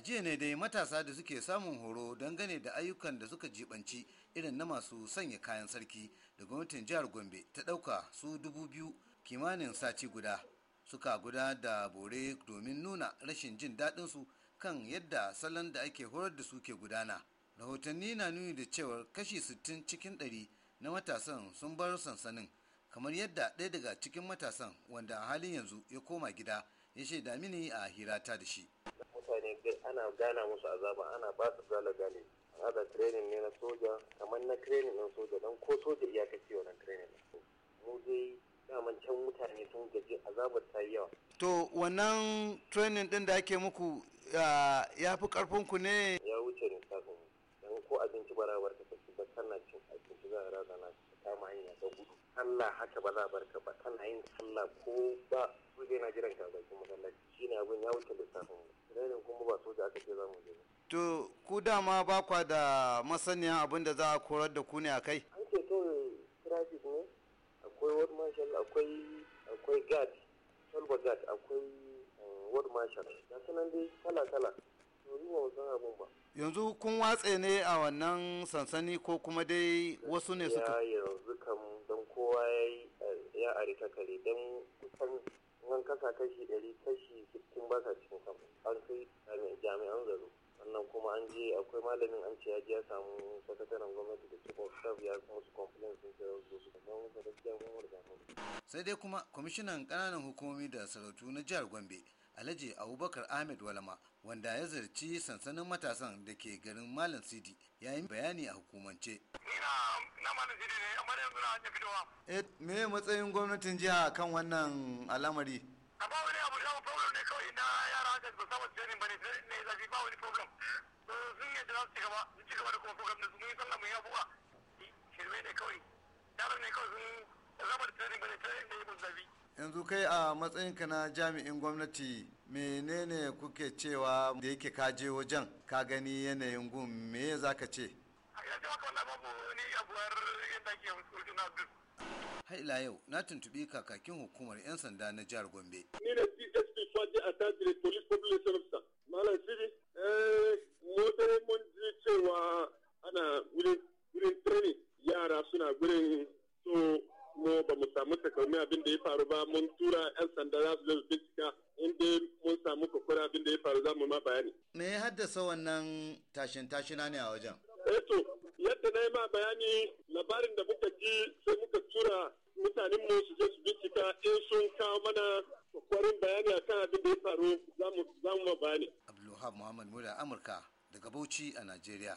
a jiya ne dai matasa da suke samun horo don dangane da ayyukan da suka jibanci irin na masu sanya kayan sarki da gwamnatin jihar gombe ta ɗauka su dubu biyu kimanin sati guda suka guda da bore domin nuna rashin jin daɗinsu kan yadda salon da ake horar da su ke gudana rahotanni na nuni da cewar kashi 60 cikin 100 na matasan sun bar sansanin kamar yadda ɗaya daga cikin matasan wanda a halin yanzu ya koma gida ya shaida mini a hirata da shi mutane ana gana musu azaba ana ba su zalagale haza training ne na soja kamar na training na soja don ko soja iyaka ce wannan training mu dai daman can mutane sun gaji azabar ta yi yawa to wannan training din da ake muku ya fi karfin ku ne ya wuce ne kafin dan ko abinci ba rawar ka kaci ba kana cin abinci za a rana na kama hanya ta gudu Allah haka ba za a barka ba kana yin sallah ko ba su dai na jiran ka kuma masallaci shine abin ya wuce to ku dama ba kwa da masaniya abin da za a korar da ku ne a kai an ce to traffic ne akwai ward marshal akwai akwai guard salva guard akwai eh, ward marshal da sanan dai kala kala yanzu kun watse ne a wannan sansani ko kuma dai wasu ne suka Ya yanzu kam don kowa ya yi ya arika kare don kusan nan kasa kashi 100 kashi 60 ba sa cikin kam an sai jami'an zaro sannan kuma an je akwai malamin an ce ya ji ya samu sakataren gwamnati da chief of ya kuma su complain sun ce su su kuma mun gaskiya mun wurga sai dai kuma kwamishinan kananan hukumomi da sarautu na jihar Gombe Alhaji Abubakar Ahmed Walama wanda ya zarci sansanin matasan da ke garin Malam Sidi ya yi bayani a hukumance. Ina Malam Sidi ne amma yanzu na hanyar fitowa. Eh, me matsayin gwamnatin jiha kan wannan al'amari? haka ba yanzu kai a matsayinka na jami'in gwamnati menene kuke cewa da yake ka je wajen ka gani yanayin gun me za ka ce? a yanzu haka wannan ni abuwar yadda a wasu na har ila yau na tuntubi kakakin hukumar 'yan sanda na jihar gombe ni ne dsp faji a tajiri police population malam sidi eh, mu mun ji cewa ana wurin wurin training yara suna wurin so mu ba mu samu takalmi abin da ya faru ba mun tura 'yan sanda za su zai bincika inda mun samu kwakwara abin da ya faru za mu ma bayani me ya haddasa wannan tashin tashina ne a wajen eh to yadda na yi ma bayani labarin da muka ji sai mutanen mu su je su bincika in sun kawo mana kwarin bayani akan abin da ya faru za mu bayani. Abdulwahab Muhammad Mura Amurka daga Bauchi a Najeriya.